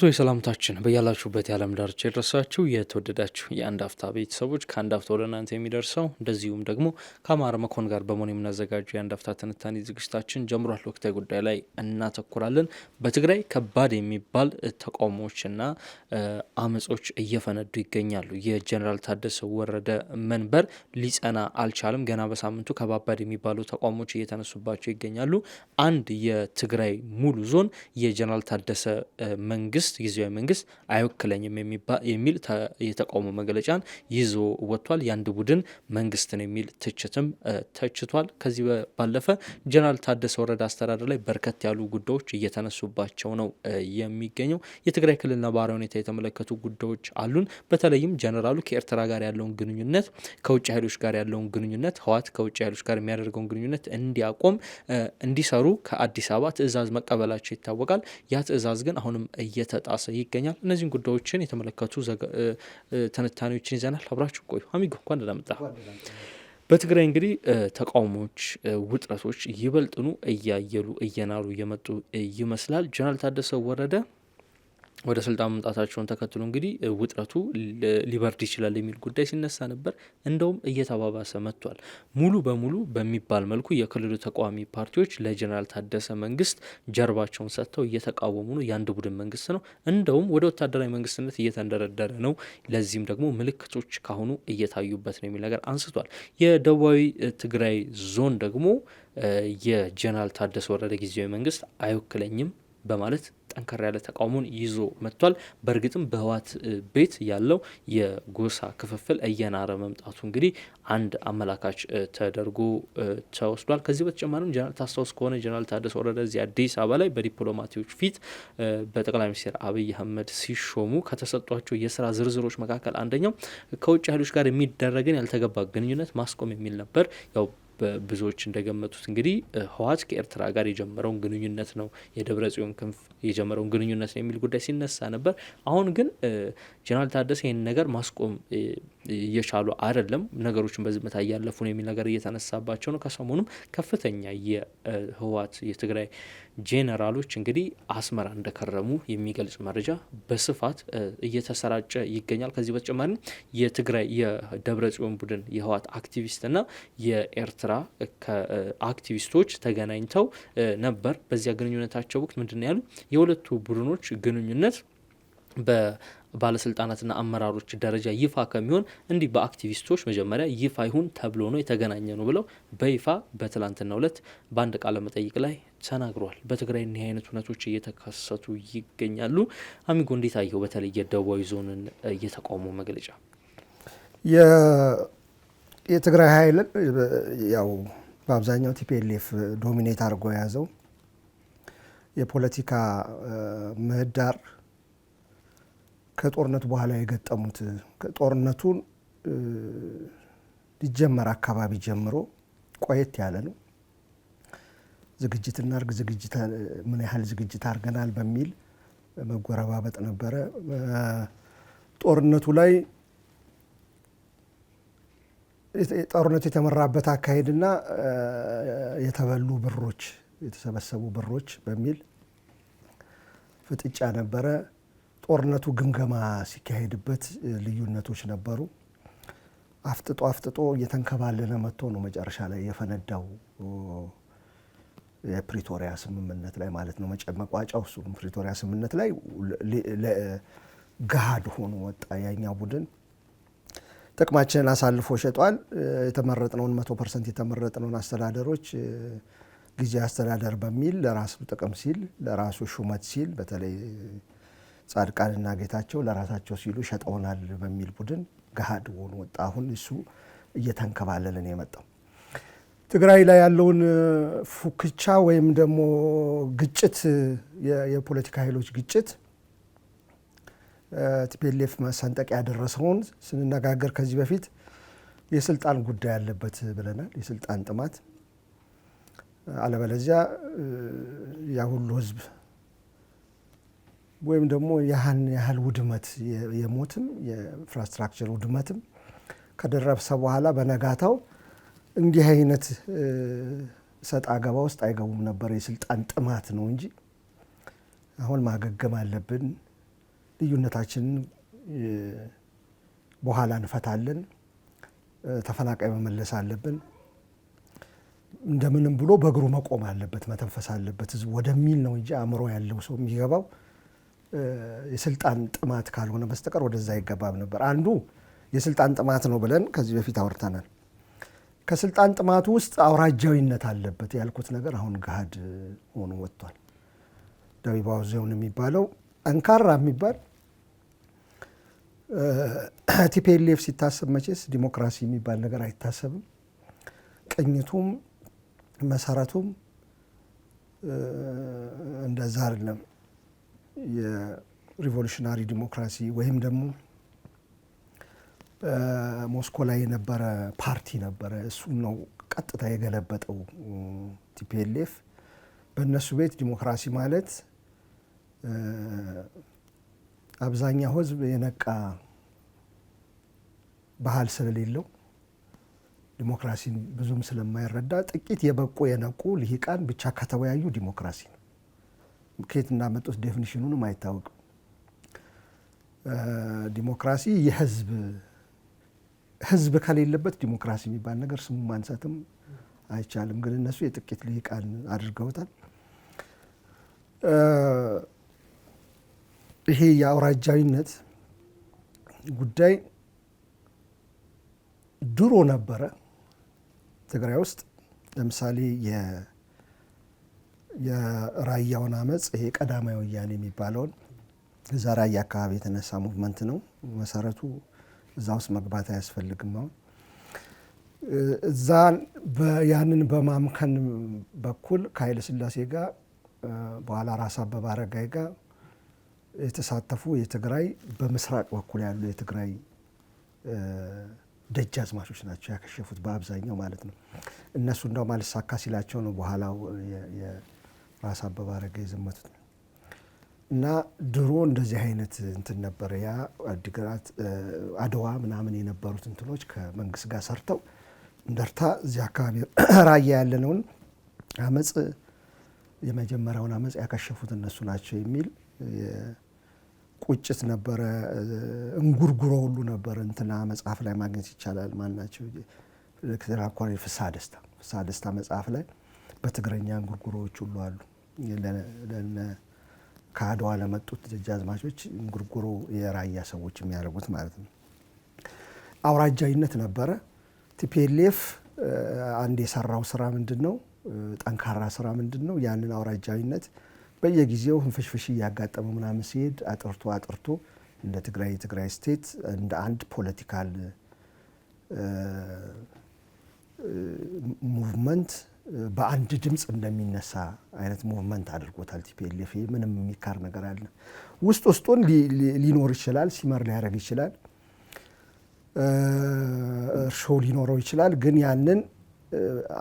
አክብሮታዊ ሰላምታችን በያላችሁበት የዓለም ዳርቻ የደረሳችሁ የተወደዳችሁ የአንድ አፍታ ቤተሰቦች ከአንድ አፍታ ወደ እናንተ የሚደርሰው እንደዚሁም ደግሞ ከአማር መኮን ጋር በመሆን የምናዘጋጀው የአንድ አፍታ ትንታኔ ዝግጅታችን ጀምሯል። ወቅታዊ ጉዳይ ላይ እናተኩራለን። በትግራይ ከባድ የሚባል ተቃውሞዎችና አመጾች እየፈነዱ ይገኛሉ። የጀኔራል ታደሰ ወረደ መንበር ሊጸና አልቻለም። ገና በሳምንቱ ከባባድ የሚባሉ ተቃውሞዎች እየተነሱባቸው ይገኛሉ። አንድ የትግራይ ሙሉ ዞን የጀኔራል ታደሰ መንግስት መንግስት ጊዜያዊ መንግስት አይወክለኝም የሚል የተቃውሞ መግለጫን ይዞ ወጥቷል። የአንድ ቡድን መንግስት የሚል ትችትም ተችቷል። ከዚህ ባለፈ ጀነራል ታደሰ ወረደ አስተዳደር ላይ በርከት ያሉ ጉዳዮች እየተነሱባቸው ነው የሚገኘው። የትግራይ ክልል ነባራዊ ሁኔታ የተመለከቱ ጉዳዮች አሉን። በተለይም ጀነራሉ ከኤርትራ ጋር ያለውን ግንኙነት፣ ከውጭ ኃይሎች ጋር ያለውን ግንኙነት፣ ህዋት ከውጭ ኃይሎች ጋር የሚያደርገውን ግንኙነት እንዲያቆም እንዲሰሩ ከአዲስ አበባ ትዕዛዝ መቀበላቸው ይታወቃል። ያ ትዕዛዝ ግን አሁንም እየተ እየተጣሰ ይገኛል። እነዚህን ጉዳዮችን የተመለከቱ ትንታኔዎችን ይዘናል። አብራችሁ ቆዩ። አሚጎ እንኳን እንደመጣ በትግራይ እንግዲህ ተቃውሞዎች፣ ውጥረቶች ይበልጥኑ እያየሉ እየናሉ እየመጡ ይመስላል። ጀነራል ታደሰ ወረደ ወደ ስልጣን መምጣታቸውን ተከትሎ እንግዲህ ውጥረቱ ሊበርድ ይችላል የሚል ጉዳይ ሲነሳ ነበር። እንደውም እየተባባሰ መጥቷል። ሙሉ በሙሉ በሚባል መልኩ የክልሉ ተቃዋሚ ፓርቲዎች ለጀኔራል ታደሰ መንግስት ጀርባቸውን ሰጥተው እየተቃወሙ ነው። የአንድ ቡድን መንግስት ነው፣ እንደውም ወደ ወታደራዊ መንግስትነት እየተንደረደረ ነው። ለዚህም ደግሞ ምልክቶች ካሁኑ እየታዩበት ነው የሚል ነገር አንስቷል። የደቡባዊ ትግራይ ዞን ደግሞ የጀኔራል ታደሰ ወረደ ጊዜያዊ መንግስት አይወክለኝም በማለት ጠንከር ያለ ተቃውሞን ይዞ መጥቷል። በእርግጥም በህወሓት ቤት ያለው የጎሳ ክፍፍል እየናረ መምጣቱ እንግዲህ አንድ አመላካች ተደርጎ ተወስዷል። ከዚህ በተጨማሪም ጀነራል ታስታውስ ከሆነ ጀነራል ታደሰ ወረደ እዚህ አዲስ አበባ ላይ በዲፕሎማቲዎች ፊት በጠቅላይ ሚኒስትር አብይ አህመድ ሲሾሙ ከተሰጧቸው የስራ ዝርዝሮች መካከል አንደኛው ከውጭ ኃይሎች ጋር የሚደረግን ያልተገባ ግንኙነት ማስቆም የሚል ነበር ያው ብዙዎች እንደገመቱት እንግዲህ ህዋት ከኤርትራ ጋር የጀመረውን ግንኙነት ነው የደብረ ጽዮን ክንፍ የጀመረውን ግንኙነት ነው የሚል ጉዳይ ሲነሳ ነበር። አሁን ግን ጀነራል ታደሰ ይህን ነገር ማስቆም እየቻሉ አይደለም፣ ነገሮችን በዝምታ እያለፉ ነው የሚል ነገር እየተነሳባቸው ነው። ከሰሞኑም ከፍተኛ የህወሓት የትግራይ ጄኔራሎች እንግዲህ አስመራ እንደከረሙ የሚገልጽ መረጃ በስፋት እየተሰራጨ ይገኛል። ከዚህ በተጨማሪ የትግራይ የደብረ ጽዮን ቡድን የህወሓት አክቲቪስትና የኤርትራ አክቲቪስቶች ተገናኝተው ነበር። በዚያ ግንኙነታቸው ወቅት ምንድን ነው ያሉ የሁለቱ ቡድኖች ግንኙነት በ ባለስልጣናትና አመራሮች ደረጃ ይፋ ከሚሆን እንዲህ በአክቲቪስቶች መጀመሪያ ይፋ ይሁን ተብሎ ነው የተገናኘ ነው ብለው በይፋ በትላንትናው ዕለት በአንድ ቃለ መጠይቅ ላይ ተናግሯል። በትግራይ እኒህ አይነት እውነቶች እየተከሰቱ ይገኛሉ። አሚጎ እንዴት አየው? በተለይ የደቡባዊ ዞንን የተቃውሞ መግለጫ የትግራይ ኃይል ያው በአብዛኛው ቲፒኤልኤፍ ዶሚኔት አድርጎ የያዘው የፖለቲካ ምህዳር ከጦርነት በኋላ የገጠሙት ጦርነቱን ሊጀመር አካባቢ ጀምሮ ቆየት ያለ ነው። ዝግጅት እናርግ ዝግጅት ምን ያህል ዝግጅት አድርገናል በሚል መጎረባበጥ ነበረ። ጦርነቱ ላይ ጦርነቱ የተመራበት አካሄድና የተበሉ ብሮች የተሰበሰቡ ብሮች በሚል ፍጥጫ ነበረ። ጦርነቱ ግምገማ ሲካሄድበት ልዩነቶች ነበሩ። አፍጥጦ አፍጥጦ እየተንከባለለ መጥቶ ነው መጨረሻ ላይ የፈነዳው የፕሪቶሪያ ስምምነት ላይ ማለት ነው። መቋጫው እሱ ፕሪቶሪያ ስምምነት ላይ ገሃድ ሆኖ ወጣ። ያኛ ቡድን ጥቅማችንን አሳልፎ ሸጧል። የተመረጥነውን መቶ ፐርሰንት የተመረጥነውን አስተዳደሮች ጊዜ አስተዳደር በሚል ለራሱ ጥቅም ሲል ለራሱ ሹመት ሲል በተለይ ጻድቃንና ጌታቸው ለራሳቸው ሲሉ ሸጠውናል በሚል ቡድን ገሃድ ሆኖ ወጣ። አሁን እሱ እየተንከባለልን የመጣው ትግራይ ላይ ያለውን ፉክቻ ወይም ደግሞ ግጭት የፖለቲካ ኃይሎች ግጭት ቲፒኤልኤፍ መሰንጠቅ ያደረሰውን ስንነጋገር ከዚህ በፊት የስልጣን ጉዳይ አለበት ብለናል። የስልጣን ጥማት አለበለዚያ ያ ሁሉ ህዝብ ወይም ደግሞ ያህን ያህል ውድመት የሞትም የኢንፍራስትራክቸር ውድመትም ከደረሰ በኋላ በነጋታው እንዲህ አይነት ሰጥ አገባ ውስጥ አይገቡም ነበር። የስልጣን ጥማት ነው እንጂ አሁን ማገገም አለብን፣ ልዩነታችንን በኋላ እንፈታለን፣ ተፈናቃይ መመለስ አለብን፣ እንደምንም ብሎ በእግሩ መቆም አለበት፣ መተንፈስ አለበት ህዝብ ወደሚል ነው እንጂ አእምሮ ያለው ሰው የሚገባው የስልጣን ጥማት ካልሆነ በስተቀር ወደዛ አይገባም ነበር። አንዱ የስልጣን ጥማት ነው ብለን ከዚህ በፊት አውርተናል። ከስልጣን ጥማቱ ውስጥ አውራጃዊነት አለበት ያልኩት ነገር አሁን ገሃድ ሆኖ ወጥቷል። ደቢባው ዞን የሚባለው ጠንካራ የሚባል ቲፒኤልኤፍ ሲታሰብ መቼስ ዲሞክራሲ የሚባል ነገር አይታሰብም። ቅኝቱም መሰረቱም እንደዛ አይደለም። የሪቮሉሽናሪ ዲሞክራሲ ወይም ደግሞ ሞስኮ ላይ የነበረ ፓርቲ ነበረ። እሱም ነው ቀጥታ የገለበጠው ቲፒኤልኤፍ። በእነሱ ቤት ዲሞክራሲ ማለት አብዛኛው ሕዝብ የነቃ ባህል ስለሌለው ዲሞክራሲን ብዙም ስለማይረዳ ጥቂት የበቁ የነቁ ልሂቃን ብቻ ከተወያዩ ዲሞክራሲ ነው። ከየት እንዳመጡት ዴፊኒሽኑንም አይታወቅም። ዲሞክራሲ የህዝብ ህዝብ ከሌለበት ዲሞክራሲ የሚባል ነገር ስሙ ማንሳትም አይቻልም። ግን እነሱ የጥቂት ልሂቃን አድርገውታል። ይሄ የአውራጃዊነት ጉዳይ ድሮ ነበረ ትግራይ ውስጥ ለምሳሌ የራያውን አመፅ ይሄ ቀዳማዊ ወያኔ የሚባለውን እዛ ራያ አካባቢ የተነሳ ሙቭመንት ነው መሰረቱ። እዛ ውስጥ መግባት አያስፈልግም። አሁን እዛ ያንን በማምከን በኩል ከኃይለ ሥላሴ ጋር በኋላ ራስ አበበ አረጋይ ጋር የተሳተፉ የትግራይ በምስራቅ በኩል ያሉ የትግራይ አዝማቾች ናቸው ያከሸፉት በአብዛኛው ማለት ነው። እነሱ እንደውም አልሳካ ሲላቸው ነው በኋላው ራስ አበበ አረጋይ የዘመቱት ነው። እና ድሮ እንደዚህ አይነት እንትን ነበረ። ያ አዲግራት፣ አድዋ ምናምን የነበሩት እንትኖች ከመንግስት ጋር ሰርተው እንደርታ እዚህ አካባቢ ራያ ያለነውን አመፅ የመጀመሪያውን አመፅ ያከሸፉት እነሱ ናቸው የሚል ቁጭት ነበረ። እንጉርጉሮ ሁሉ ነበረ። እንትና መጽሐፍ ላይ ማግኘት ይቻላል። ማናቸው ኮሎኔል ፍስሐ ደስታ ፍስሐ ደስታ መጽሐፍ ላይ በትግረኛ እንጉርጉሮዎች ሁሉ አሉ። ከአድዋ ለመጡት ደጃዝማቾች ጉርጉሮ የራያ ሰዎች የሚያደርጉት ማለት ነው። አውራጃዊነት ነበረ። ቲፒኤልኤፍ አንድ የሰራው ስራ ምንድን ነው? ጠንካራ ስራ ምንድን ነው? ያንን አውራጃዊነት በየጊዜው ህንፍሽፍሽ እያጋጠመ ምናምን ሲሄድ አጥርቶ አጥርቶ እንደ ትግራይ የትግራይ ስቴት እንደ አንድ ፖለቲካል ሙቭመንት በአንድ ድምፅ እንደሚነሳ አይነት ሙቭመንት አድርጎታል። ቲፒኤልኤፍ ምንም የሚካር ነገር አለ ውስጥ ውስጡን ሊኖር ይችላል፣ ሲመር ሊያደርግ ይችላል፣ እርሾ ሊኖረው ይችላል። ግን ያንን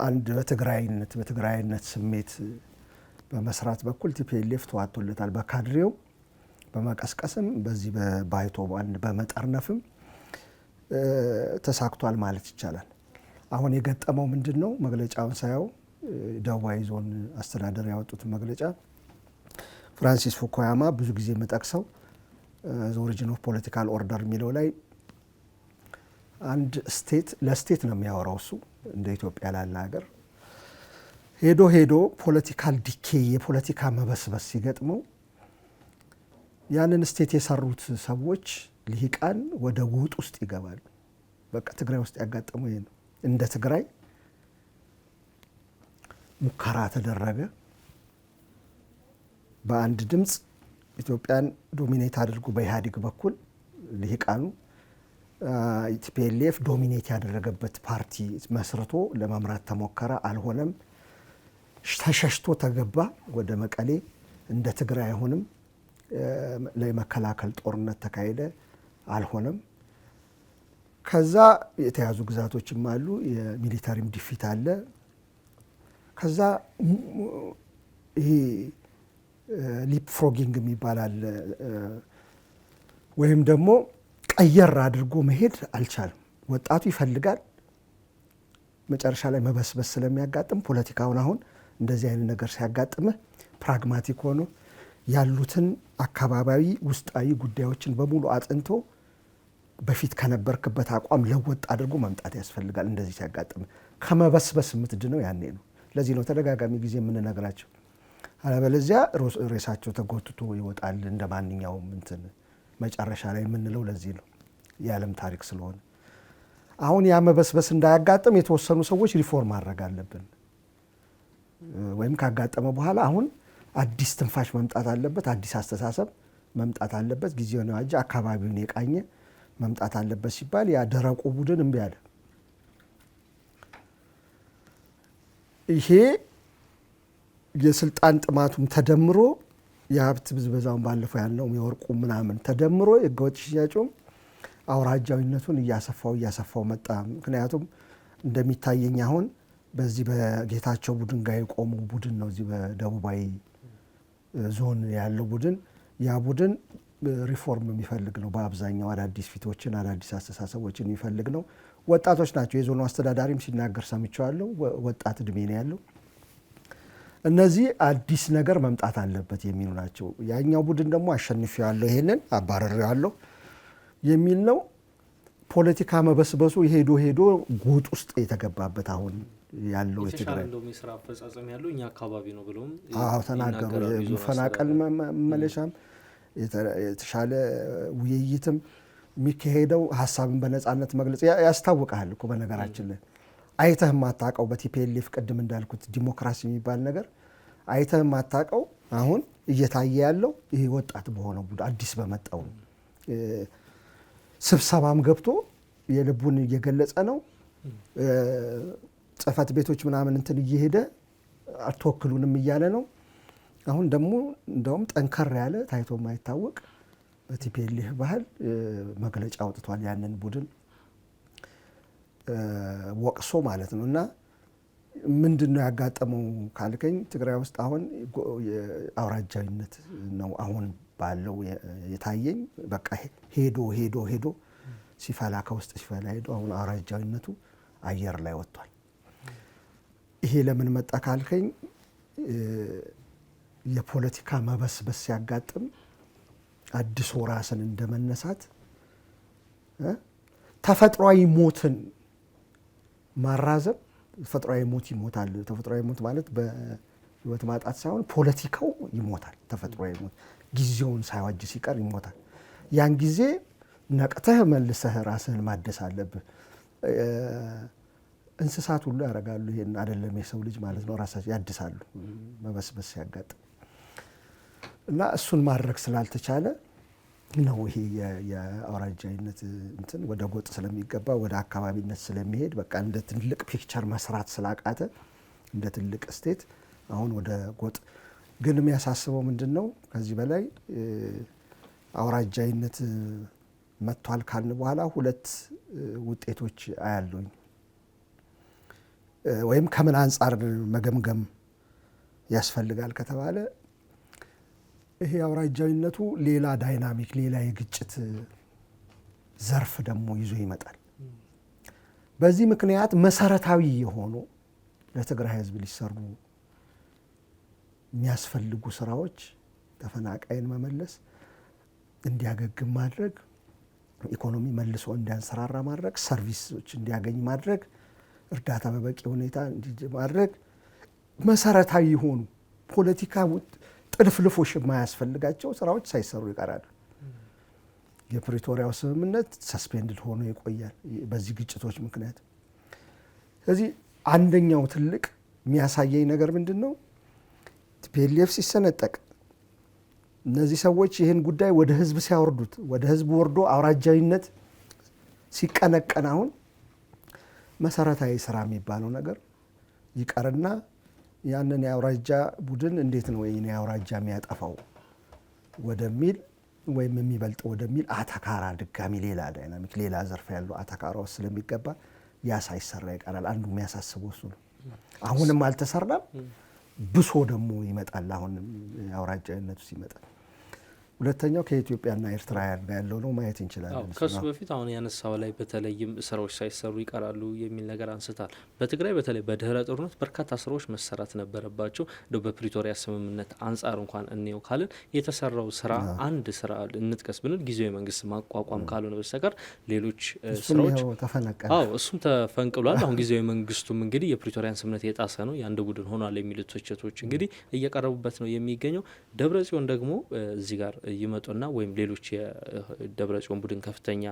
አንድ በትግራይነት በትግራይነት ስሜት በመስራት በኩል ቲፒኤልኤፍ ተዋቶለታል። በካድሬው በመቀስቀስም በዚህ በባይቶ በመጠርነፍም ተሳክቷል ማለት ይቻላል። አሁን የገጠመው ምንድን ነው? መግለጫውን ሳየው ደቡባዊ ዞን አስተዳደር ያወጡትን መግለጫ ፍራንሲስ ፉኮያማ ብዙ ጊዜ የምጠቅሰው ኦሪጂን ኦፍ ፖለቲካል ኦርደር የሚለው ላይ አንድ ስቴት ለስቴት ነው የሚያወራው እሱ እንደ ኢትዮጵያ ላለ ሀገር ሄዶ ሄዶ ፖለቲካል ዲኬ የፖለቲካ መበስበስ ሲገጥመው ያንን ስቴት የሰሩት ሰዎች ልሂቃን ወደ ውጥ ውስጥ ይገባሉ። በቃ ትግራይ ውስጥ ያጋጠመው ይሄ ነው። እንደ ትግራይ ሙከራ ተደረገ። በአንድ ድምፅ ኢትዮጵያን ዶሚኔት አድርጎ በኢህአዴግ በኩል ልሂቃኑ ቲፒኤልኤፍ ዶሚኔት ያደረገበት ፓርቲ መስርቶ ለመምራት ተሞከረ። አልሆነም። ተሸሽቶ ተገባ ወደ መቀሌ። እንደ ትግራይ አይሆንም ለመከላከል መከላከል ጦርነት ተካሄደ። አልሆነም። ከዛ የተያዙ ግዛቶችም አሉ። የሚሊታሪም ዲፊት አለ። ከዛ ይሄ ሊፕ ፍሮጊንግ ወይም ደግሞ ቀየር አድርጎ መሄድ አልቻልም። ወጣቱ ይፈልጋል፣ መጨረሻ ላይ መበስበስ ስለሚያጋጥም ፖለቲካውን አሁን እንደዚህ አይነት ነገር ሲያጋጥምህ ፕራግማቲክ ሆኖ ያሉትን አካባቢያዊ ውስጣዊ ጉዳዮችን በሙሉ አጥንቶ በፊት ከነበርክበት አቋም ለወጥ አድርጎ መምጣት ያስፈልጋል። እንደዚህ ሲያጋጥም ከመበስበስ የምትድነው ያኔ ነው። ለዚህ ነው ተደጋጋሚ ጊዜ የምንነግራቸው። አለበለዚያ ሬሳቸው ተጎትቶ ይወጣል እንደ ማንኛውም እንትን መጨረሻ ላይ የምንለው ለዚህ ነው። የዓለም ታሪክ ስለሆነ አሁን ያ መበስበስ እንዳያጋጥም የተወሰኑ ሰዎች ሪፎርም ማድረግ አለብን፣ ወይም ካጋጠመ በኋላ አሁን አዲስ ትንፋሽ መምጣት አለበት። አዲስ አስተሳሰብ መምጣት አለበት። ጊዜ የዋጀ አካባቢውን የቃኘ መምጣት አለበት ሲባል ያ ደረቁ ቡድን እምቢ አለ። ይሄ የስልጣን ጥማቱም ተደምሮ የሀብት ብዝበዛውን ባለፈው ያለው የወርቁ ምናምን ተደምሮ የህገወጥ ሽያጩም አውራጃዊነቱን እያሰፋው እያሰፋው መጣ። ምክንያቱም እንደሚታየኝ አሁን በዚህ በጌታቸው ቡድን ጋር የቆሙ ቡድን ነው። እዚህ በደቡባዊ ዞን ያለው ቡድን ያ ቡድን ሪፎርም የሚፈልግ ነው። በአብዛኛው አዳዲስ ፊቶችን፣ አዳዲስ አስተሳሰቦችን የሚፈልግ ነው። ወጣቶች ናቸው። የዞኑ አስተዳዳሪም ሲናገር ሰምቸዋለሁ። ወጣት እድሜ ነው ያለው። እነዚህ አዲስ ነገር መምጣት አለበት የሚሉ ናቸው። ያኛው ቡድን ደግሞ አሸንፊዋለሁ፣ ይሄንን አባረሬዋለሁ የሚል ነው። ፖለቲካ መበስበሱ ሄዶ ሄዶ ጉጥ ውስጥ የተገባበት አሁን ያለው የትግራይ ስራ አፈጻጸም ያለው እኛ አካባቢ ነው ብለውም ተናገሩ። ፈናቀል መመለሻም የተሻለ ውይይትም የሚካሄደው ሀሳብን በነፃነት መግለጽ ያስታውቃል እኮ በነገራችን ላይ አይተህ የማታውቀው በቲፒኤልኤፍ ቅድም እንዳልኩት ዲሞክራሲ የሚባል ነገር አይተህ የማታውቀው አሁን እየታየ ያለው ይህ ወጣት በሆነው ቡድን አዲስ በመጣው ስብሰባም ገብቶ የልቡን እየገለጸ ነው። ጽህፈት ቤቶች ምናምን እንትን እየሄደ አትወክሉንም እያለ ነው። አሁን ደግሞ እንደውም ጠንከር ያለ ታይቶ የማይታወቅ በቲፒኤልህ ባህል መግለጫ አውጥቷል። ያንን ቡድን ወቅሶ ማለት ነው እና ምንድን ነው ያጋጠመው ካልከኝ ትግራይ ውስጥ አሁን አውራጃዊነት ነው አሁን ባለው የታየኝ። በቃ ሄዶ ሄዶ ሄዶ ሲፈላ ከውስጥ ሲፈላ ሄዶ አሁን አውራጃዊነቱ አየር ላይ ወጥቷል። ይሄ ለምን መጣ ካልከኝ የፖለቲካ መበስበስ ሲያጋጥም አድሶ ራስን እንደመነሳት ተፈጥሯዊ ሞትን ማራዘም ተፈጥሯዊ ሞት ይሞታል። ተፈጥሯዊ ሞት ማለት በህይወት ማጣት ሳይሆን ፖለቲካው ይሞታል። ተፈጥሯዊ ሞት ጊዜውን ሳይዋጅ ሲቀር ይሞታል። ያን ጊዜ ነቅተህ መልሰህ ራስህን ማደስ አለብህ። እንስሳት ሁሉ ያደርጋሉ። ይሄን አይደለም የሰው ልጅ ማለት ነው። ራሳቸው ያድሳሉ መበስበስ ሲያጋጥም እና እሱን ማድረግ ስላልተቻለ ነው ይሄ የአውራጃዊነት እንትን ወደ ጎጥ ስለሚገባ ወደ አካባቢነት ስለሚሄድ በቃ እንደ ትልቅ ፒክቸር መስራት ስላቃተ እንደ ትልቅ ስቴት አሁን ወደ ጎጥ ግን የሚያሳስበው ምንድን ነው? ከዚህ በላይ አውራጃዊነት መጥቷል ካልን በኋላ ሁለት ውጤቶች አያለኝ ወይም ከምን አንጻር መገምገም ያስፈልጋል ከተባለ ይሄ አውራጃዊነቱ ሌላ ዳይናሚክ፣ ሌላ የግጭት ዘርፍ ደግሞ ይዞ ይመጣል። በዚህ ምክንያት መሰረታዊ የሆኑ ለትግራይ ህዝብ ሊሰሩ የሚያስፈልጉ ስራዎች ተፈናቃይን መመለስ፣ እንዲያገግም ማድረግ፣ ኢኮኖሚ መልሶ እንዲያንሰራራ ማድረግ፣ ሰርቪሶች እንዲያገኝ ማድረግ፣ እርዳታ በበቂ ሁኔታ ማድረግ መሰረታዊ የሆኑ ፖለቲካ ጥልፍልፎሽ የማያስፈልጋቸው ስራዎች ሳይሰሩ ይቀራሉ። የፕሪቶሪያው ስምምነት ሰስፔንድድ ሆኖ ይቆያል በዚህ ግጭቶች ምክንያት። ስለዚህ አንደኛው ትልቅ የሚያሳየኝ ነገር ምንድን ነው? ቲፒኤልኤፍ ሲሰነጠቅ እነዚህ ሰዎች ይህን ጉዳይ ወደ ህዝብ ሲያወርዱት፣ ወደ ህዝብ ወርዶ አውራጃዊነት ሲቀነቀን፣ አሁን መሰረታዊ ስራ የሚባለው ነገር ይቀርና ያንን የአውራጃ ቡድን እንዴት ነው ይህን የአውራጃ የሚያጠፋው ወደሚል ወይም የሚበልጥ ወደሚል አተካራ ድጋሚ ሌላ ዳይናሚክ ሌላ ዘርፍ ያሉ አተካራ ውስጥ ስለሚገባ ያ ሳይሰራ ይቀራል። አንዱ የሚያሳስበው እሱ ነው። አሁንም አልተሰራም። ብሶ ደግሞ ይመጣል። አሁንም የአውራጃነቱ ውስጥ ሁለተኛው ከኢትዮጵያና ኤርትራ ያለው ነው ማየት እንችላለን። ከሱ በፊት አሁን ያነሳው ላይ በተለይም ስራዎች ሳይሰሩ ይቀራሉ የሚል ነገር አንስታል። በትግራይ በተለይ በድህረ ጦርነት በርካታ ስራዎች መሰራት ነበረባቸው። እንደው በፕሪቶሪያ ስምምነት አንጻር እንኳን እንየው ካልን የተሰራው ስራ አንድ ስራ እንጥቀስ ብንል ጊዜያዊ መንግስት ማቋቋም ካልሆነ በስተቀር ሌሎች ስራዎች ተፈነቀለ። እሱም ተፈንቅሏል። አሁን ጊዜያዊ መንግስቱም እንግዲህ የፕሪቶሪያን ስምምነት የጣሰ ነው የአንድ ቡድን ሆኗል የሚሉት ትችቶች እንግዲህ እየቀረቡበት ነው የሚገኘው። ደብረ ጽዮን ደግሞ እዚህ ጋር ይመጡና ወይም ሌሎች የደብረ ጽዮን ቡድን ከፍተኛ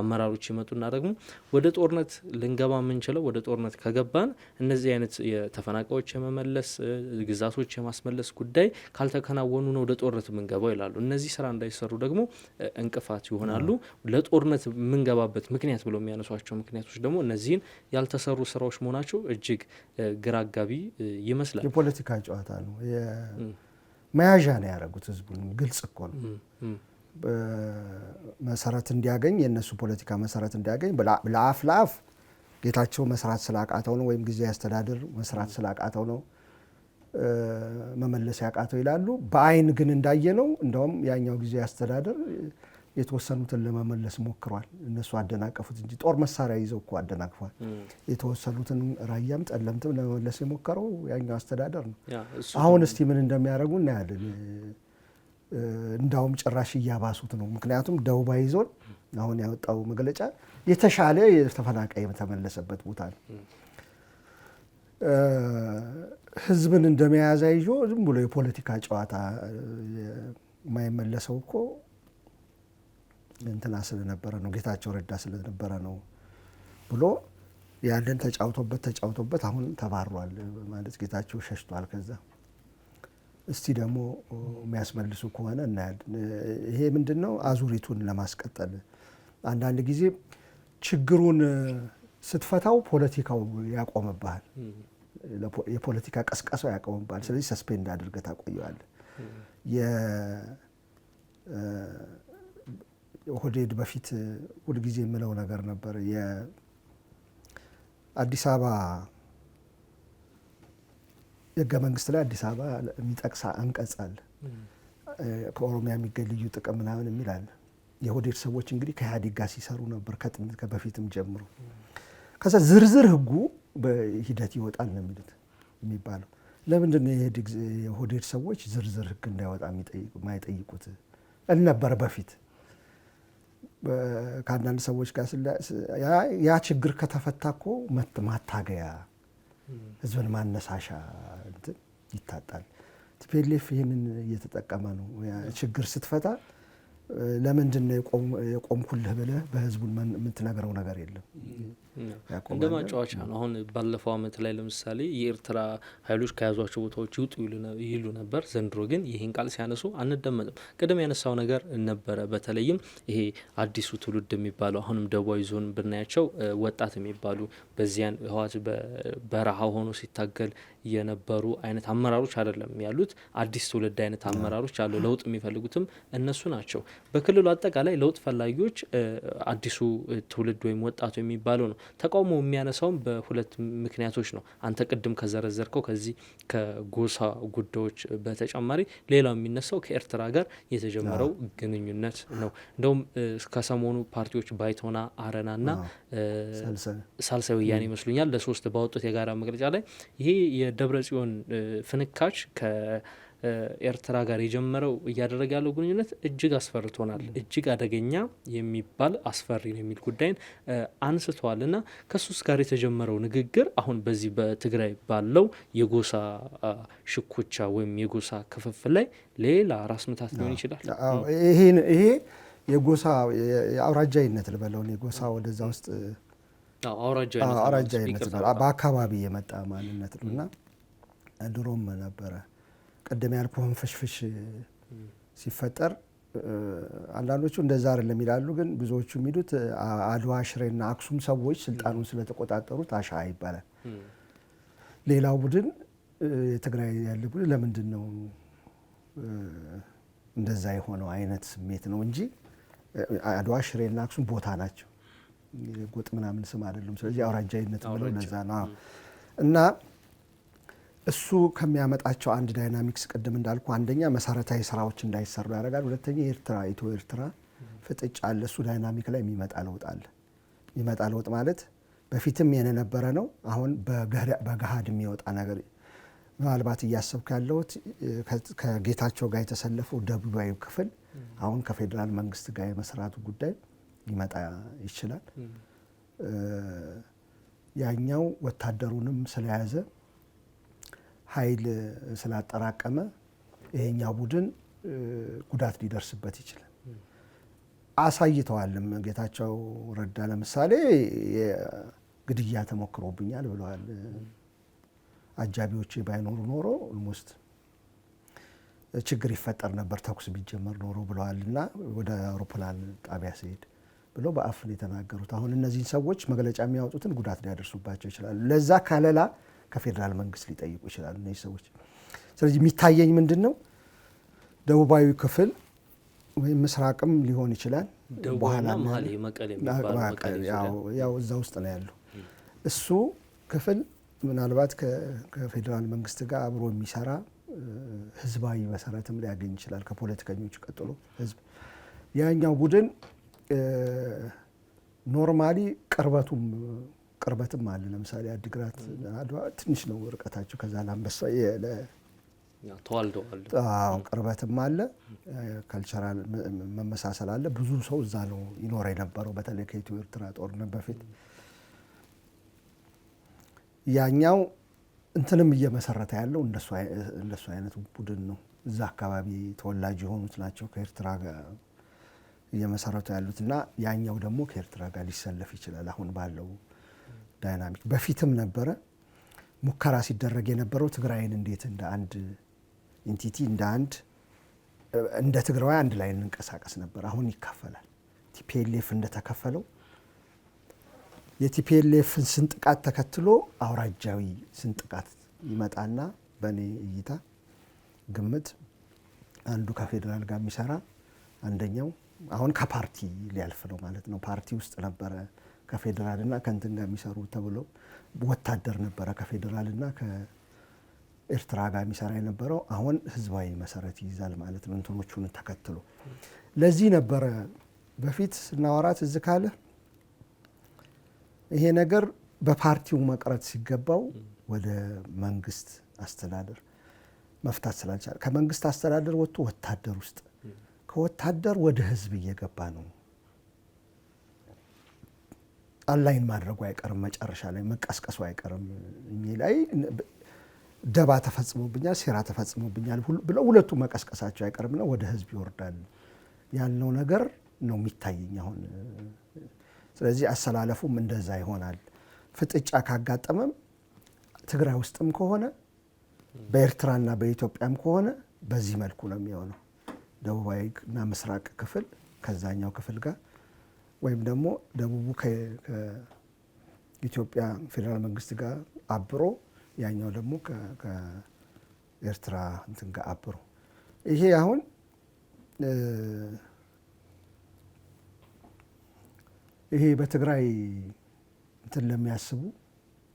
አመራሮች ይመጡና ደግሞ ወደ ጦርነት ልንገባ የምንችለው ወደ ጦርነት ከገባን እነዚህ አይነት የተፈናቃዮች የመመለስ ግዛቶች የማስመለስ ጉዳይ ካልተከናወኑ ነው ወደ ጦርነት የምንገባው ይላሉ። እነዚህ ስራ እንዳይሰሩ ደግሞ እንቅፋት ይሆናሉ። ለጦርነት የምንገባበት ምክንያት ብለው የሚያነሷቸው ምክንያቶች ደግሞ እነዚህን ያልተሰሩ ስራዎች መሆናቸው እጅግ ግራ አጋቢ ይመስላል። የፖለቲካ ጨዋታ ነው። መያዣ ነው ያደረጉት። ህዝቡን ግልጽ እኮ ነው መሰረት እንዲያገኝ የእነሱ ፖለቲካ መሰረት እንዲያገኝ ለአፍ ለአፍ ጌታቸው መስራት ስላቃተው ነው ወይም ጊዜ አስተዳደር መስራት ስላቃተው ነው መመለስ ያቃተው ይላሉ። በአይን ግን እንዳየ ነው። እንደውም ያኛው ጊዜ አስተዳደር የተወሰኑትን ለመመለስ ሞክሯል። እነሱ አደናቀፉት እንጂ ጦር መሳሪያ ይዘው እኮ አደናቅፏል። የተወሰኑትን ራያም ጠለምትም ለመመለስ የሞከረው ያኛው አስተዳደር ነው። አሁን እስቲ ምን እንደሚያደርጉ እናያለን። እንዳውም ጭራሽ እያባሱት ነው። ምክንያቱም ደቡባዊ ዞን አሁን ያወጣው መግለጫ የተሻለ የተፈናቃይ የተመለሰበት ቦታ ነው። ህዝብን እንደመያዝ ይዞ ዝም ብሎ የፖለቲካ ጨዋታ የማይመለሰው እኮ እንትና ስለነበረ ነው ጌታቸው ረዳ ስለነበረ ነው ብሎ ያንን ተጫውቶበት ተጫውቶበት አሁን ተባሯል ማለት ጌታቸው ሸሽቷል። ከዛ እስቲ ደግሞ የሚያስመልሱ ከሆነ እናያለን። ይሄ ምንድን ነው? አዙሪቱን ለማስቀጠል አንዳንድ ጊዜ ችግሩን ስትፈታው ፖለቲካው ያቆምብሃል፣ የፖለቲካ ቀስቀሰው ያቆምብሃል። ስለዚህ ሰስፔንድ አድርገህ ታቆየዋለህ። ሆዴድ በፊት ሁልጊዜ የምለው ነገር ነበር የአዲስ አበባ የህገ መንግስት ላይ አዲስ አበባ የሚጠቅሳ አንቀጽ አለ። ከኦሮሚያ የሚገኝ ልዩ ጥቅም ምናምን የሚል አለ። የኦህዴድ ሰዎች እንግዲህ ከኢህአዴግ ጋር ሲሰሩ ነበር ከጥንት በፊትም ጀምሮ። ከዛ ዝርዝር ህጉ በሂደት ይወጣል ነው የሚሉት የሚባለው። ለምንድን ነው የኦህዴድ ሰዎች ዝርዝር ህግ እንዳይወጣ የማይጠይቁት? አልነበረ በፊት ከአንዳንድ ሰዎች ጋር ያ ችግር ከተፈታ እኮ ማታገያ ህዝብን ማነሳሻ እንትን ይታጣል። ቲፒኤልኤፍ ይህንን እየተጠቀመ ነው። ችግር ስትፈታ ለምንድን ነው የቆምኩልህ ብለ በህዝቡን የምትነግረው ነገር የለም። እንደ ማጫወቻ ነው። አሁን ባለፈው አመት ላይ ለምሳሌ የኤርትራ ኃይሎች ከያዟቸው ቦታዎች ይውጡ ይሉ ነበር። ዘንድሮ ግን ይህን ቃል ሲያነሱ አንደመጥም። ቅድም ያነሳው ነገር ነበረ። በተለይም ይሄ አዲሱ ትውልድ የሚባለው አሁንም ደቡባዊ ዞን ብናያቸው ወጣት የሚባሉ በዚያን ህዋት በረሃ ሆኖ ሲታገል የነበሩ አይነት አመራሮች አይደለም ያሉት። አዲስ ትውልድ አይነት አመራሮች አሉ። ለውጥ የሚፈልጉትም እነሱ ናቸው። በክልሉ አጠቃላይ ለውጥ ፈላጊዎች አዲሱ ትውልድ ወይም ወጣቱ የሚባለው ነው። ተቃውሞ የሚያነሳውም በሁለት ምክንያቶች ነው። አንተ ቅድም ከዘረዘርከው ከዚህ ከጎሳ ጉዳዮች በተጨማሪ ሌላው የሚነሳው ከኤርትራ ጋር የተጀመረው ግንኙነት ነው። እንደውም ከሰሞኑ ፓርቲዎች ባይቶና፣ አረና ና ሳልሳይ ወያኔ ይመስሉኛል ለሶስት ባወጡት የጋራ መግለጫ ላይ ይሄ ደብረ ጽዮን ፍንካች ከኤርትራ ጋር የጀመረው እያደረገ ያለው ግንኙነት እጅግ አስፈርቶናል፣ እጅግ አደገኛ የሚባል አስፈሪ ነው የሚል ጉዳይን አንስተዋል እና ከሱስ ጋር የተጀመረው ንግግር አሁን በዚህ በትግራይ ባለው የጎሳ ሽኩቻ ወይም የጎሳ ክፍፍል ላይ ሌላ ራስ ምታት ሊሆን ይችላል። ይሄ የጎሳ የአውራጃይነት ልበለው የጎሳ ወደዛ ውስጥ አውራጃ በአካባቢ የመጣ ማንነት ነው እና ድሮም ነበረ። ቅድም ያልኩህን ፍሽፍሽ ሲፈጠር አንዳንዶቹ እንደዛ አይደለም ይላሉ፣ ግን ብዙዎቹ የሚሉት አድዋ ሽሬና አክሱም ሰዎች ስልጣኑን ስለተቆጣጠሩት አሻ ይባላል። ሌላው ቡድን የትግራይ ያለ ቡድን ለምንድን ነው እንደዛ የሆነው አይነት ስሜት ነው እንጂ አድዋ ሽሬና አክሱም ቦታ ናቸው። ጎጥ ምናምን ስም አይደሉም። ስለዚህ አውራጃዊነት ብለው ለዛ ነው እና እሱ ከሚያመጣቸው አንድ ዳይናሚክስ ቅድም እንዳልኩ አንደኛ መሰረታዊ ስራዎች እንዳይሰሩ ያደርጋል። ሁለተኛ ኤርትራ ኢትዮ ኤርትራ ፍጥጫ አለ። እሱ ዳይናሚክ ላይ የሚመጣ ለውጥ አለ። የሚመጣ ለውጥ ማለት በፊትም የነበረ ነው። አሁን በገሃድ የሚወጣ ነገር ምናልባት እያሰብኩ ያለሁት ከጌታቸው ጋር የተሰለፈው ደቡባዊ ክፍል አሁን ከፌዴራል መንግስት ጋር የመስራቱ ጉዳይ ሊመጣ ይችላል። ያኛው ወታደሩንም ስለያዘ ኃይል ስላጠራቀመ ይሄኛው ቡድን ጉዳት ሊደርስበት ይችላል። አሳይተዋልም። ጌታቸው ረዳ ለምሳሌ ግድያ ተሞክሮብኛል ብለዋል። አጃቢዎቼ ባይኖሩ ኖሮ ኦልሞስት ችግር ይፈጠር ነበር ተኩስ ቢጀመር ኖሮ ብለዋል እና ወደ አውሮፕላን ጣቢያ ሲሄድ ብሎ በአፍ ነው የተናገሩት። አሁን እነዚህን ሰዎች መግለጫ የሚያወጡትን ጉዳት ሊያደርሱባቸው ይችላሉ። ለዛ ከለላ ከፌዴራል መንግስት ሊጠይቁ ይችላሉ እነዚህ ሰዎች። ስለዚህ የሚታየኝ ምንድን ነው ደቡባዊ ክፍል ወይም ምስራቅም ሊሆን ይችላል በኋላ ያው እዛ ውስጥ ነው ያለው እሱ ክፍል ምናልባት ከፌዴራል መንግስት ጋር አብሮ የሚሰራ ህዝባዊ መሰረትም ሊያገኝ ይችላል ከፖለቲከኞች ቀጥሎ ህዝብ። ያኛው ቡድን ኖርማሊ ቅርበቱም ቅርበትም አለ። ለምሳሌ አድግራት አድዋ ትንሽ ነው ርቀታቸው። ከዛ ለአንበሳ ቅርበትም አለ፣ ካልቸራል መመሳሰል አለ። ብዙ ሰው እዛ ነው ይኖር የነበረው በተለይ ከኢትዮ ኤርትራ ጦርነት በፊት ያኛው እንትንም እየመሰረተ ያለው እንደሱ አይነት ቡድን ነው። እዛ አካባቢ ተወላጅ የሆኑት ናቸው ከኤርትራ ጋር እየመሰረቱ ያሉት እና ያኛው ደግሞ ከኤርትራ ጋር ሊሰለፍ ይችላል አሁን ባለው ዳይናሚክ በፊትም ነበረ ሙከራ ሲደረግ የነበረው ትግራይን እንዴት እንደ አንድ ኢንቲቲ እንደ አንድ እንደ ትግራዊ አንድ ላይ እንንቀሳቀስ ነበር። አሁን ይካፈላል። ቲፒኤልኤፍ እንደተከፈለው የቲፒኤልኤፍን ስንጥቃት ተከትሎ አውራጃዊ ስንጥቃት ይመጣና በእኔ እይታ ግምት አንዱ ከፌዴራል ጋር የሚሰራ አንደኛው አሁን ከፓርቲ ሊያልፍ ነው ማለት ነው። ፓርቲ ውስጥ ነበረ ከፌዴራልና ከእንትን ጋር የሚሰሩ ተብሎ ወታደር ነበረ ከፌዴራልና ከኤርትራ ጋር የሚሰራ የነበረው አሁን ህዝባዊ መሰረት ይይዛል ማለት ነው። እንትኖቹን ተከትሎ ለዚህ ነበረ በፊት ስናወራት እዚ ካለ ይሄ ነገር በፓርቲው መቅረት ሲገባው ወደ መንግስት አስተዳደር መፍታት ስላልቻለ ከመንግስት አስተዳደር ወጥቶ ወታደር ውስጥ ከወታደር ወደ ህዝብ እየገባ ነው ጣላይን ማድረጉ አይቀርም መጨረሻ ላይ መቀስቀሱ አይቀርም የሚል ላይ ደባ ተፈጽሞብኛል፣ ሴራ ተፈጽሞብኛል ብለው ሁለቱ መቀስቀሳቸው ነው ወደ ህዝብ ይወርዳል ያለው ነገር ነው የሚታየኝ አሁን። ስለዚህ አሰላለፉም እንደዛ ይሆናል። ፍጥጫ ካጋጠመም ትግራይ ውስጥም ከሆነ በኤርትራና በኢትዮጵያም ከሆነ በዚህ መልኩ ነው የሚሆነው። ደቡባዊ ምስራቅ ክፍል ከዛኛው ክፍል ጋር ወይም ደግሞ ደቡቡ ከኢትዮጵያ ፌዴራል መንግስት ጋር አብሮ ያኛው ደግሞ ከኤርትራ እንትን ጋር አብሮ ይሄ አሁን ይሄ በትግራይ እንትን ለሚያስቡ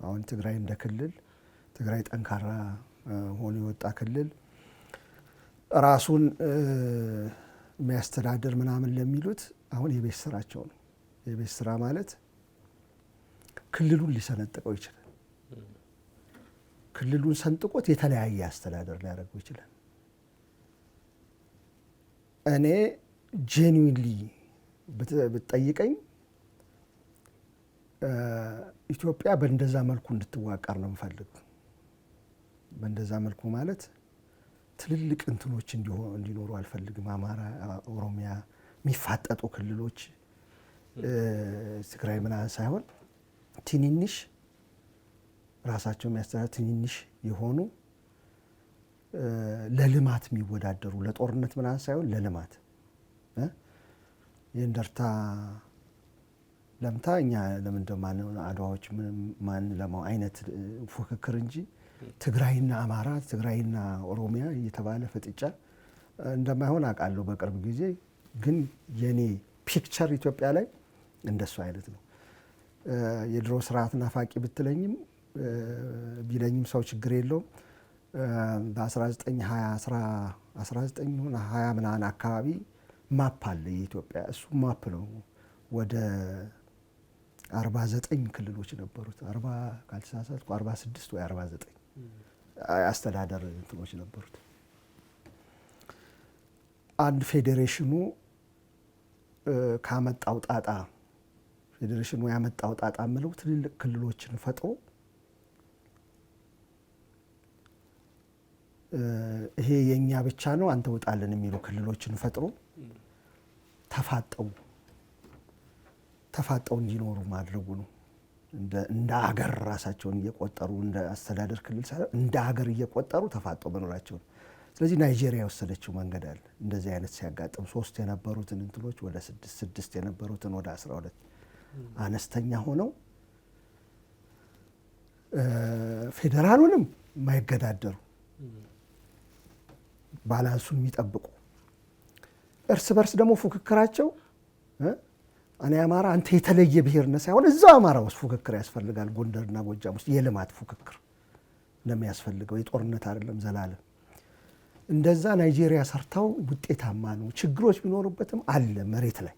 አሁን ትግራይ እንደ ክልል ትግራይ ጠንካራ ሆኖ የወጣ ክልል ራሱን የሚያስተዳድር ምናምን ለሚሉት አሁን የቤት ስራቸው ነው። የቤት ስራ ማለት ክልሉን ሊሰነጥቀው ይችላል። ክልሉን ሰንጥቆት የተለያየ አስተዳደር ሊያደርገው ይችላል። እኔ ጄኒዊንሊ ብትጠይቀኝ ኢትዮጵያ በእንደዛ መልኩ እንድትዋቀር ነው ምፈልግ። በእንደዛ መልኩ ማለት ትልልቅ እንትኖች እንዲኖሩ አልፈልግም። አማራ፣ ኦሮሚያ የሚፋጠጡ ክልሎች ትግራይ ምናምን ሳይሆን ትንንሽ ራሳቸው የሚያስተዳድሩ ትንንሽ የሆኑ ለልማት የሚወዳደሩ ለጦርነት ምናምን ሳይሆን ለልማት የእንደርታ ለምታ እኛ ለምንደ ማን አድዋዎች ማን ለማው አይነት ፉክክር እንጂ ትግራይና አማራ ትግራይና ኦሮሚያ እየተባለ ፍጥጫ እንደማይሆን አውቃለሁ። በቅርብ ጊዜ ግን የኔ ፒክቸር ኢትዮጵያ ላይ እንደሱ አይነት ነው። የድሮ ስርዓት ናፋቂ ብትለኝም ቢለኝም ሰው ችግር የለውም። በ1920 ምናምን አካባቢ ማፕ አለ የኢትዮጵያ። እሱ ማፕ ነው ወደ 49 ክልሎች ነበሩት። 40 ካልተሳሳትኩ 46 ወይ 49 አስተዳደር እንትኖች ነበሩት። አንድ ፌዴሬሽኑ ካመጣው ጣጣ ፌዴሬሽኑ ያመጣው ጣጣ የምለው ትልልቅ ክልሎችን ፈጥሮ ይሄ የእኛ ብቻ ነው አንተ ውጣልን የሚሉ ክልሎችን ፈጥሮ ተፋጠው ተፋጠው እንዲኖሩ ማድረጉ ነው። እንደ አገር ራሳቸውን እየቆጠሩ እንደ አስተዳደር ክልል እንደ አገር እየቆጠሩ ተፋጠው መኖራቸውን ስለዚህ ናይጄሪያ የወሰደችው መንገድ አለ። እንደዚህ አይነት ሲያጋጥም ሶስት የነበሩትን እንትኖች ወደ ስድስት ስድስት የነበሩትን ወደ አስራ ሁለት አነስተኛ ሆነው ፌዴራሉንም የማይገዳደሩ ባላንሱ የሚጠብቁ እርስ በርስ ደግሞ ፉክክራቸው እኔ አማራ አንተ የተለየ ብሔርነት ሳይሆን እዛው አማራ ውስጥ ፉክክር ያስፈልጋል። ጎንደርና ጎጃም ውስጥ የልማት ፉክክር እንደሚያስፈልገው የጦርነት አይደለም ዘላለም እንደዛ ናይጄሪያ ሰርታው ውጤታማ ነው። ችግሮች ቢኖሩበትም አለ መሬት ላይ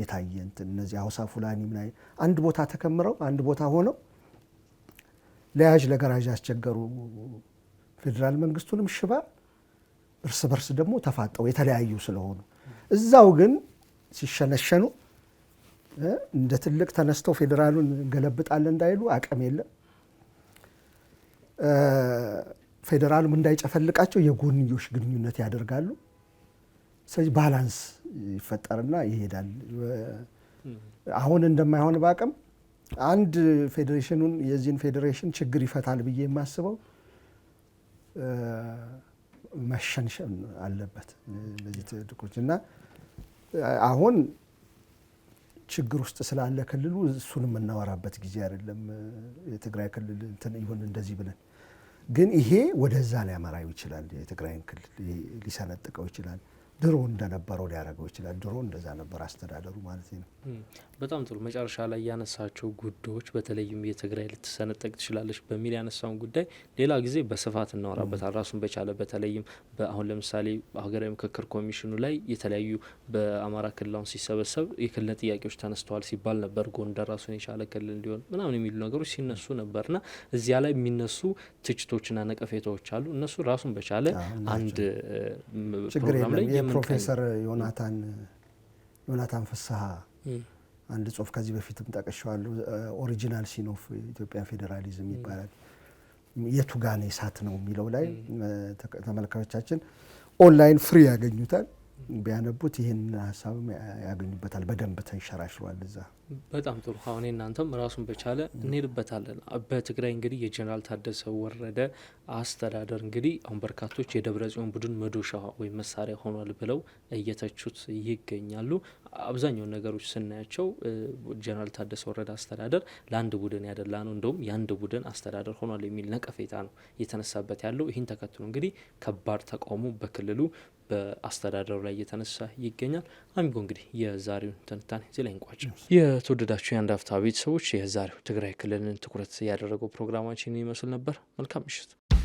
የታየ እንትን እነዚህ አውሳ ፉላኒ ምናምን አንድ ቦታ ተከምረው አንድ ቦታ ሆነው ለያዥ ለገራዥ ያስቸገሩ ፌዴራል መንግስቱንም ሽባ እርስ በርስ ደግሞ ተፋጠው የተለያዩ ስለሆኑ እዛው ግን ሲሸነሸኑ እንደ ትልቅ ተነስተው ፌዴራሉን ገለብጣለን እንዳይሉ አቅም የለም። ፌዴራሉም እንዳይጨፈልቃቸው የጎንዮሽ ግንኙነት ያደርጋሉ። ስለዚህ ባላንስ ይፈጠርና ይሄዳል። አሁን እንደማይሆን በአቅም አንድ ፌዴሬሽኑን የዚህን ፌዴሬሽን ችግር ይፈታል ብዬ የማስበው መሸንሸን አለበት። እነዚህ ትልቆች እና አሁን ችግር ውስጥ ስላለ ክልሉ እሱን የምናወራበት ጊዜ አይደለም። የትግራይ ክልል እንትን ይሁን እንደዚህ ብለን ግን ይሄ ወደዛ ሊያመራ ይችላል። የትግራይን ክልል ሊሰነጥቀው ይችላል። ድሮ እንደነበረው ሊያደርገው ይችላል። ድሮ እንደዛ ነበር አስተዳደሩ ማለት ነው። በጣም ጥሩ። መጨረሻ ላይ ያነሳቸው ጉዳዮች በተለይም የትግራይ ልትሰነጠቅ ትችላለች በሚል ያነሳውን ጉዳይ ሌላ ጊዜ በስፋት እናወራበታል ራሱን በቻለ በተለይም አሁን ለምሳሌ ሀገራዊ ምክክር ኮሚሽኑ ላይ የተለያዩ በአማራ ክልል አሁን ሲሰበሰብ የክልል ጥያቄዎች ተነስተዋል ሲባል ነበር። ጎንደር ራሱን የቻለ ክልል እንዲሆን ምናምን የሚሉ ነገሮች ሲነሱ ና እዚያ ላይ የሚነሱ ትችቶችና ነቀፌታዎች አሉ። እነሱ ራሱን በቻለ አንድ ፕሮግራም ላይ ፕሮፌሰር ዮናታን ዮናታን ፍስሀ አንድ ጽሁፍ ከዚህ በፊትም ጠቅሼዋለሁ። ኦሪጂናል ሲን ኦፍ ኢትዮጵያን ፌዴራሊዝም ይባላል። የቱ ጋኔ እሳት ነው የሚለው ላይ ተመልካዮቻችን ኦንላይን ፍሪ ያገኙታል። ቢያነቡት ይህን ሀሳብ ያገኙበታል። በደንብ ተንሸራሽሯል እዛ። በጣም ጥሩ። አሁን እናንተም ራሱን በቻለ እንሄድበታለን። በትግራይ እንግዲህ የጀኔራል ታደሰ ወረደ አስተዳደር እንግዲህ አሁን በርካቶች የደብረ ጽዮን ቡድን መዶሻ ወይም መሳሪያ ሆኗል ብለው እየተቹት ይገኛሉ። አብዛኛውን ነገሮች ስናያቸው ጀነራል ታደሰ ወረደ አስተዳደር ለአንድ ቡድን ያደላ ነው፣ እንደውም የአንድ ቡድን አስተዳደር ሆኗል የሚል ነቀፌታ ነው እየተነሳበት ያለው። ይህን ተከትሎ እንግዲህ ከባድ ተቃውሞ በክልሉ በአስተዳደሩ ላይ እየተነሳ ይገኛል። አሚጎ እንግዲህ የዛሬውን ትንታኔ እዚህ ላይ እንቋጭ። የተወደዳችሁ የአንድ አፍታ ቤተሰቦች የዛሬው ትግራይ ክልልን ትኩረት ያደረገው ፕሮግራማችን ይመስል ነበር። መልካም ምሽት።